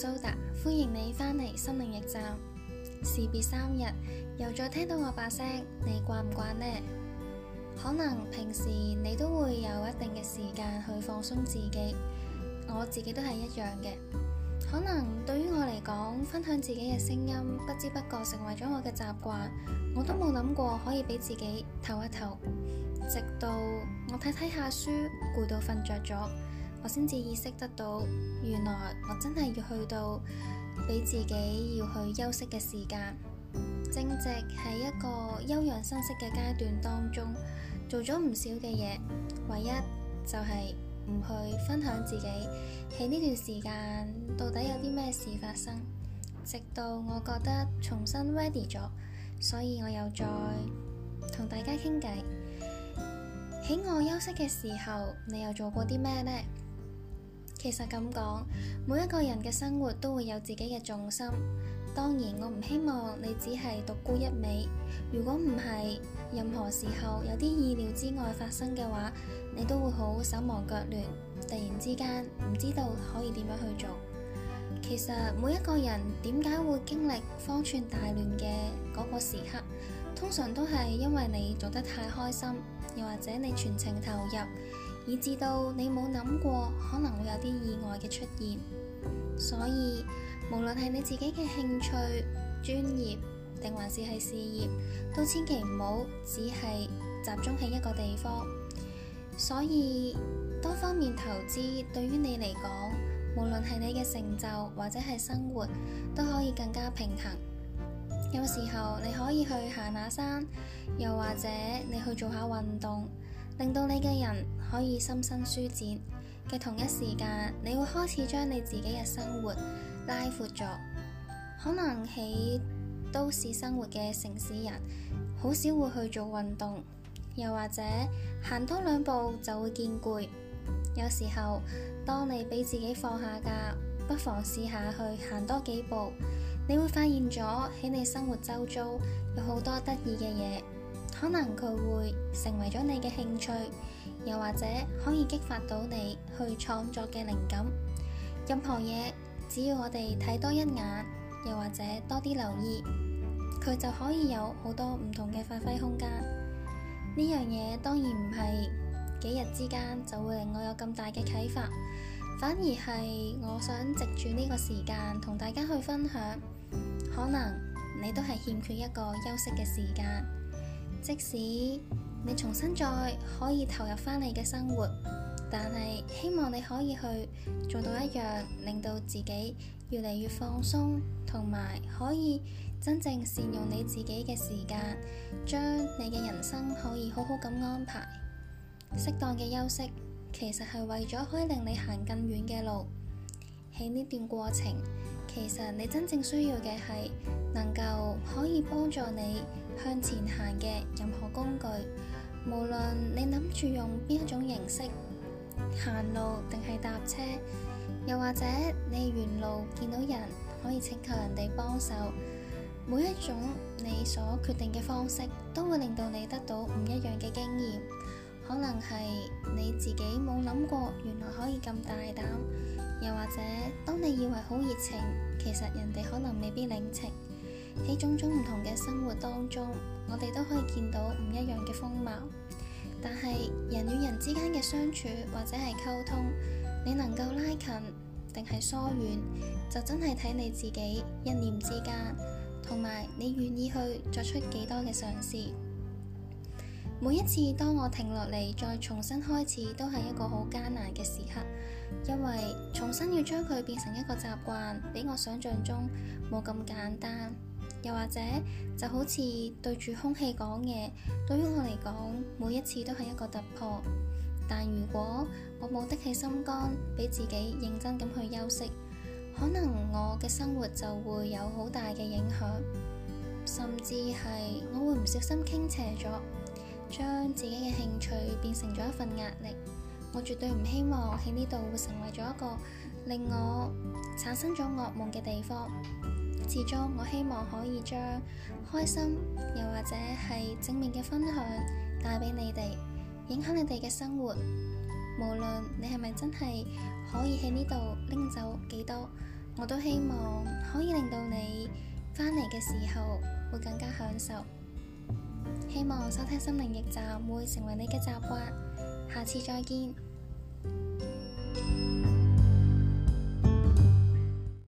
蘇達，oda，歡迎你返嚟心靈驛站。士別三日，又再聽到我把聲，你慣唔慣呢？可能平時你都會有一定嘅時間去放鬆自己，我自己都係一樣嘅。可能對於我嚟講，分享自己嘅聲音，不知不覺成為咗我嘅習慣，我都冇諗過可以俾自己唞一唞。直到我睇睇下書，攰到瞓着咗。我先至意識得到，原來我真係要去到俾自己要去休息嘅時間，正值喺一個休養生息嘅階段當中，做咗唔少嘅嘢，唯一就係唔去分享自己喺呢段時間到底有啲咩事發生。直到我覺得重新 ready 咗，所以我又再同大家傾偈。喺我休息嘅時候，你又做過啲咩呢？其實咁講，每一個人嘅生活都會有自己嘅重心。當然，我唔希望你只係獨沽一味。如果唔係，任何時候有啲意料之外發生嘅話，你都會好手忙腳亂，突然之間唔知道可以點樣去做。其實每一個人點解會經歷方寸大亂嘅嗰個時刻，通常都係因為你做得太開心，又或者你全程投入。以至到你冇諗過可能會有啲意外嘅出現，所以無論係你自己嘅興趣、專業定還是係事業，都千祈唔好只係集中喺一個地方。所以多方面投資對於你嚟講，無論係你嘅成就或者係生活，都可以更加平衡。有時候你可以去行下山，又或者你去做下運動，令到你嘅人。可以深深舒展嘅同一時間，你會開始將你自己嘅生活拉闊咗。可能喺都市生活嘅城市人，好少會去做運動，又或者行多兩步就會見攰。有時候，當你俾自己放下假，不妨試下去行多幾步，你會發現咗喺你生活周遭有好多得意嘅嘢，可能佢會成為咗你嘅興趣。又或者可以激發到你去創作嘅靈感，任何嘢，只要我哋睇多一眼，又或者多啲留意，佢就可以有好多唔同嘅發揮空間。呢樣嘢當然唔係幾日之間就會令我有咁大嘅啟發，反而係我想藉住呢個時間同大家去分享。可能你都係欠缺一個休息嘅時間，即使。你重新再可以投入返你嘅生活，但係希望你可以去做到一樣，令到自己越嚟越放鬆，同埋可以真正善用你自己嘅時間，將你嘅人生可以好好咁安排。適當嘅休息，其實係為咗可以令你行更遠嘅路。喺呢段過程，其實你真正需要嘅係能夠可以幫助你向前行嘅任何工具。無論你諗住用邊一種形式行路定係搭車，又或者你沿路見到人可以請求人哋幫手，每一種你所決定嘅方式，都會令到你得到唔一樣嘅經驗。可能係你自己冇諗過，原來可以咁大膽，又或者當你以為好熱情，其實人哋可能未必領情。喺種種唔同嘅生活當中，我哋都可以見到唔一樣嘅風貌。但係人與人之間嘅相處或者係溝通，你能夠拉近定係疏遠，就真係睇你自己一念之間，同埋你願意去作出幾多嘅嘗試。每一次當我停落嚟再重新開始，都係一個好艱難嘅時刻，因為重新要將佢變成一個習慣，比我想象中冇咁簡單。又或者就好似對住空氣講嘢，對於我嚟講，每一次都係一個突破。但如果我冇得起心肝，俾自己認真咁去休息，可能我嘅生活就會有好大嘅影響，甚至係我會唔小心傾斜咗，將自己嘅興趣變成咗一份壓力。我絕對唔希望喺呢度會成為咗一個令我產生咗噩夢嘅地方。始終，我希望可以將開心又或者係正面嘅分享帶俾你哋，影響你哋嘅生活。無論你係咪真係可以喺呢度拎走幾多，我都希望可以令到你返嚟嘅時候會更加享受。希望收聽心靈驛站會成為你嘅習慣，下次再見。